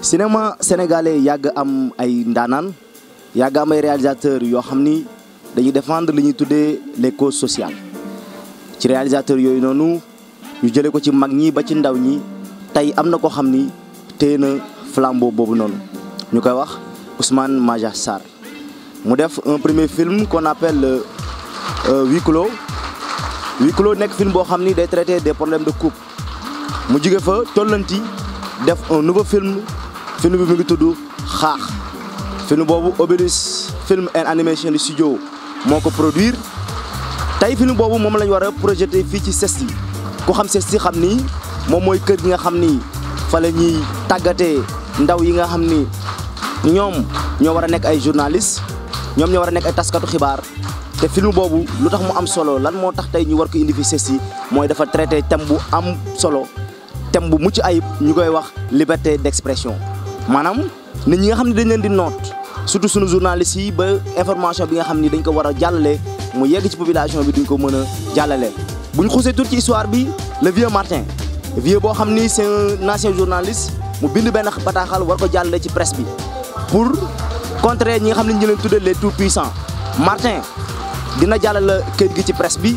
cinéma sénégalais yag am ay ndanan yag am ay réalisateurs yo xamni dañuy défendre li ñuy tuddee les causes sociales ci réalisateur yoy noonu ñu jëlé ko ci mag ñi ba ci ndaw ñi tay am ko xamni téena flambeau bobu noonu ñu wax Ousmane Maja mu def un premier film qu'on appelle euh, Huis Clos Huis Clos nek film bo xamni day traiter des problèmes de couple mu jóge fa tolanti def un nouveau film film bi mi ngi tudd xaax film boobu Obelus film and animation studio moo ko produire tey film boobu moom lañ war a projeté fii ci CESTI ku xam CESTI xam ni moom mooy kër gi nga xam ni fa la ñuy tàggatee ndaw yi nga xam ni ñoom ñoo war a nekk ay journaliste ñoom ñoo war a nekk ay taskatu xibaar te film boobu lu tax mu am solo lan moo tax tey ñu war ko indi fi CESTI mooy dafa traité thème bu am solo thème bu mucc ayib ñu koy wax liberté d'expression maanaam nit ñi nga xam ne dañ leen di noot surtout sunu journaliste yi ba information bi nga xam ni dañ ko war a jàllale mu yegg ci population bi duñ ko mën a jàllale. bu ñu xusee tur ci histoire bi le vieux Martin vieux boo xam ni seen un ancien journaliste mu bind benn bataaxal war ko jàllale ci presse bi pour contre ñi nga xam ne ñu leen tuddee les tout puissants Martin dina jàllale kër gi ci presse bi.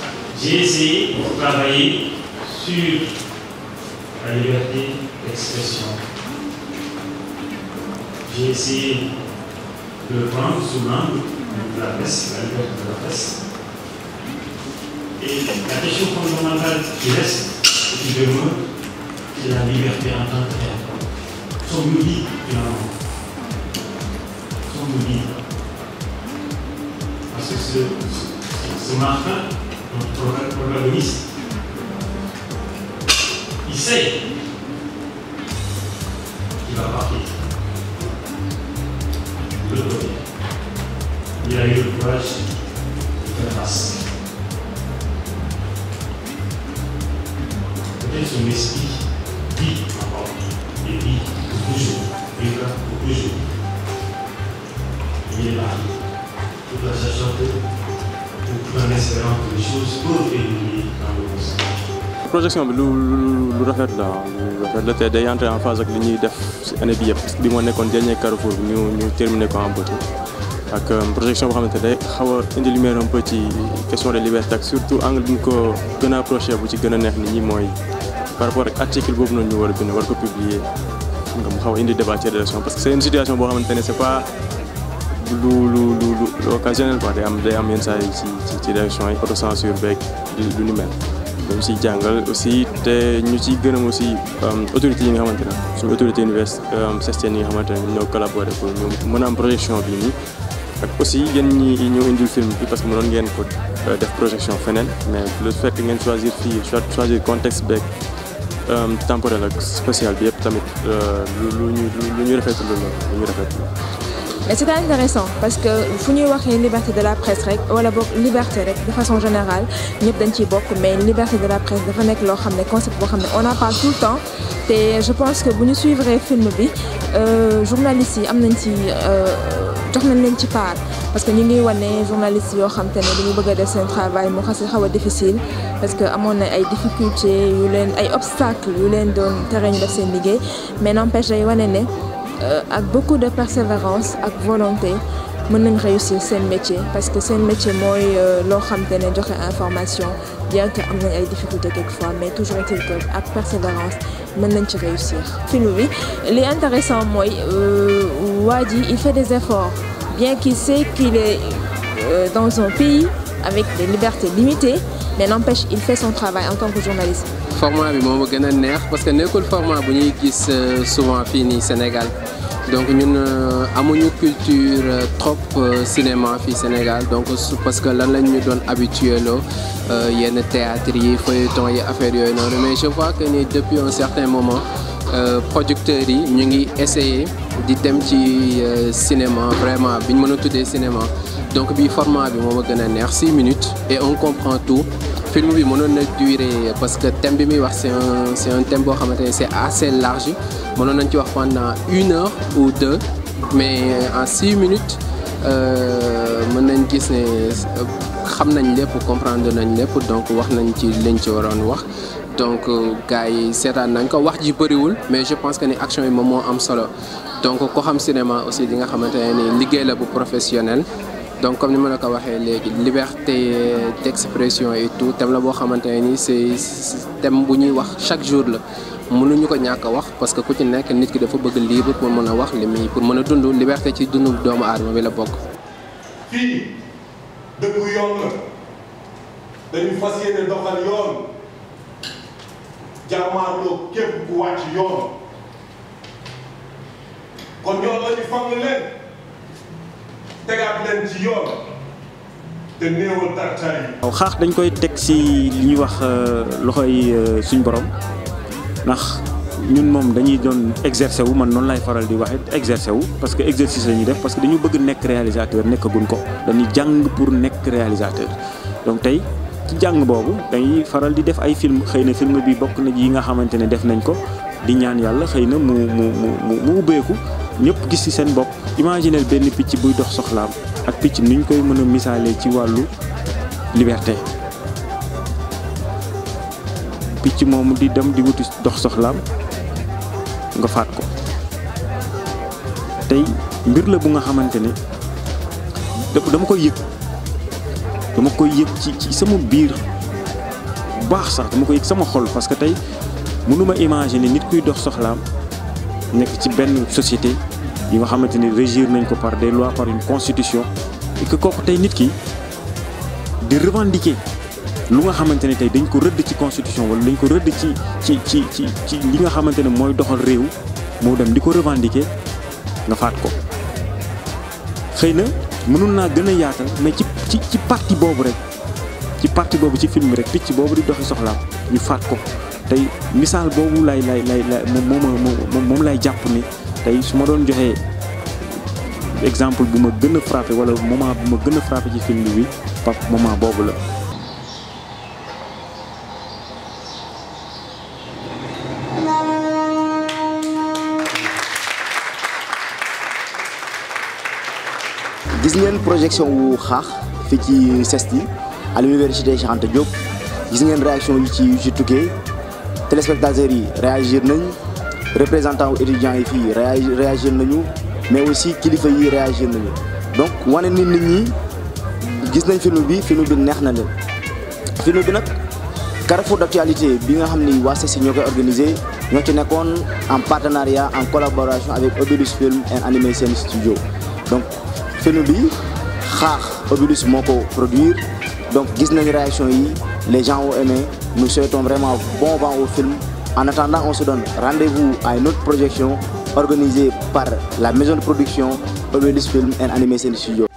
J'ai essayé de travailler sur la liberté d'expression. J'ai essayé de prendre sous l'angle de la presse, la liberté de la presse. Et la question fondamentale qui reste, qui demeure, c'est la liberté en tant que telle. Sommes-nous libres Sommes-nous libres Parce que ce, ce, ce le protagoniste. Il sait qu'il va partir. Le revenir. Il a eu le courage de faire face. Peut-être son esprit vit encore et vit pour toujours il vivra pour toujours. Il est là. la en projection bi lu lu rafet la lu day entrer en phase ak li ñuy def si année bi yëpp parce que bi moo nekkoon dernier carrefour bi ñu ñu terminé ko en beauté ak euh, projection boo xamante day xaw a indi lu un peu ci question de liberté surtout angle bi ñu ko gën a approché bu ci gën a neex nit ñi mooy par rapport ak article boobu noonu ñu war a bind war ko publier mu xaw indi débat ci rédaction parce que c'est une situation boo xamante ne c'est pas lu lu lu lu occasionnel quoi day am day am yenn saa ci ci ci réaction yi autocensure beeg lu ni mel. dañ siy jàngal aussi te ñu ci gën a aussi euh, autorité yi nga xamante ne suñu autorité univers euh, sestienne yi nga xamante ne ñoo collaboré pour ñu mën am projection bi nii. ak aussi yéen ñi ñëw indil film bi parce que mënoon ngeen ko euh, def projection feneen mais le fait que ngeen choisir fii choisir contexte beeg temporel ak spécial bi yëpp tamit lu ñu lu ñu rafetlu loolu lu ñu rafetlu et c'est intéressant parce que fu ñuy la liberté de la presse ou wala liberté de façon générale ni dañ ciy mais mais liberté de la presse dafa nekk concept on en parle tout le temps Et je pense que bu ñu le film bi euh, journalistes yi am euh, part parce que nous sommes wane journalistes nous avons un travail mu difficile parce que y a des difficultés des obstacles yu leen doon tere ñu def mais n'empêche pas, wane euh, avec beaucoup de persévérance avec volonté mën nañ réussir ce métier parce que c'est un métier où euh, xam bien qu'il y ait des difficultés quelquefois mais toujours avec persévérance nous avons réussir. film est intéressant euh, il fait des efforts bien qu'il sait qu'il est dans un pays avec des libertés limitées mais n'empêche il fait son travail en tant que journaliste. format parce que format bu souvent fini Sénégal donc avons une euh, culture euh, trop euh, cinéma au Sénégal donc parce que nous sommes habitués, il y a des théâtre yi il y affaire des affaires. mais je vois que depuis un certain moment producteurs ont essayé de essayer di cinéma vraiment bi ñu des cinéma donc le format est de 6 minutes et on comprend tout Le film est mënoon parce que thème c'est un thème est assez large je suis ci pendant une heure ou deux mais en six minutes euh, euh, pour comprendre nañ que donc wax donc euh, nañ ko mais je pense que ni action yi donc ko cinéma aussi di nga professionnel donc comme ni ma la liberté d'expression et tout thème thème bu chaque jour mënuñu ko ñàkk wax parce que ku ci nekk nit ki dafa bëgg libre pour mën a wax li muy pour mën a dund liberté ci dundu doomu aadama bi la bokk. fii dëkku yoon la dañu fas yéene doxal yoon jàmmaarloo képp ku wàcc yoon kon yoon la ñu leen tegaat leen ci yoon te néewal tartaay yi. xaax dañ koy teg si li ñuy wax euh, loxoy euh, suñu borom. ndax ñun moom dañuy doon exercer wu man noonu lay faral di waxee exercer wu parce que exercice la ñuy def parce que dañu bëgg nekk réalisateur nekkaguñ ko dañuy jàng pour nekk réalisateur donc tey ci jàng boobu dañuy faral di def ay film xëy na film bi bokk na yi nga xamante ne def nañ ko di ñaan yàlla xëy na mu mu mu mu ubbeeku ñëpp gis ci seen bopp imaginez benn picc buy dox soxlaam ak picc nuñ koy mën a misaalee ci wàllu liberté picc moom di dem di wuti dox soxlaam nga faat ko tey mbir la bu nga xamante ne dama koy yëg dama koy yëg ci ci sama biir bu baax sax dama koy yëg sama xol parce que tey mënuma imaginer nit kuy dox soxlaam nekk ci benn société yi nga xamante ne régir nañ ko par des lois par une constitution et que kooku tey nit ki di revendiquer. lu nga xamante ne tey dañ ko rëdd ci constitution wala dañ ko rëdd ci ci ci ci ci li nga xamante ne mooy doxal réew moo dem di ko revendiquer nga faat ko xëy na mënoon naa gën a yaatal mais ci ci ci parti boobu rek ci parti boobu ci film rek picc boobu di doxi soxlaam ñu faat ko tey misaal boobu lay lay lay moom moom moom lay jàpp ni tey su ma doon joxee exemple bu ma gën a frappé wala moment bu ma gën a frappé ci film bi pap moment boobu la gis ngeen projection wu xaax fii ci sesti à l'université Cheikh Anta Diop gis ngeen réaction yu ci yu ci tukkee téléspectateurs yi réagir nañ représentant wu étudiants yi fii réagir nañu mais aussi kilifa yi réagir nañu donc wane ni nit ñi gis nañ film bi film bi neex na leen film bi nag carrefour d'actualité bi nga xam ni waa CESTI ñoo koy organisé ñoo ci nekkoon en partenariat en collaboration avec Obelus Film and Animation Studio donc phénomène produire donc Disney réaction yi les gens ont aimé nous souhaitons vraiment bon vent au film en attendant on se donne rendez-vous à une autre projection organisée par la maison de production Obelus Film and Animation Studio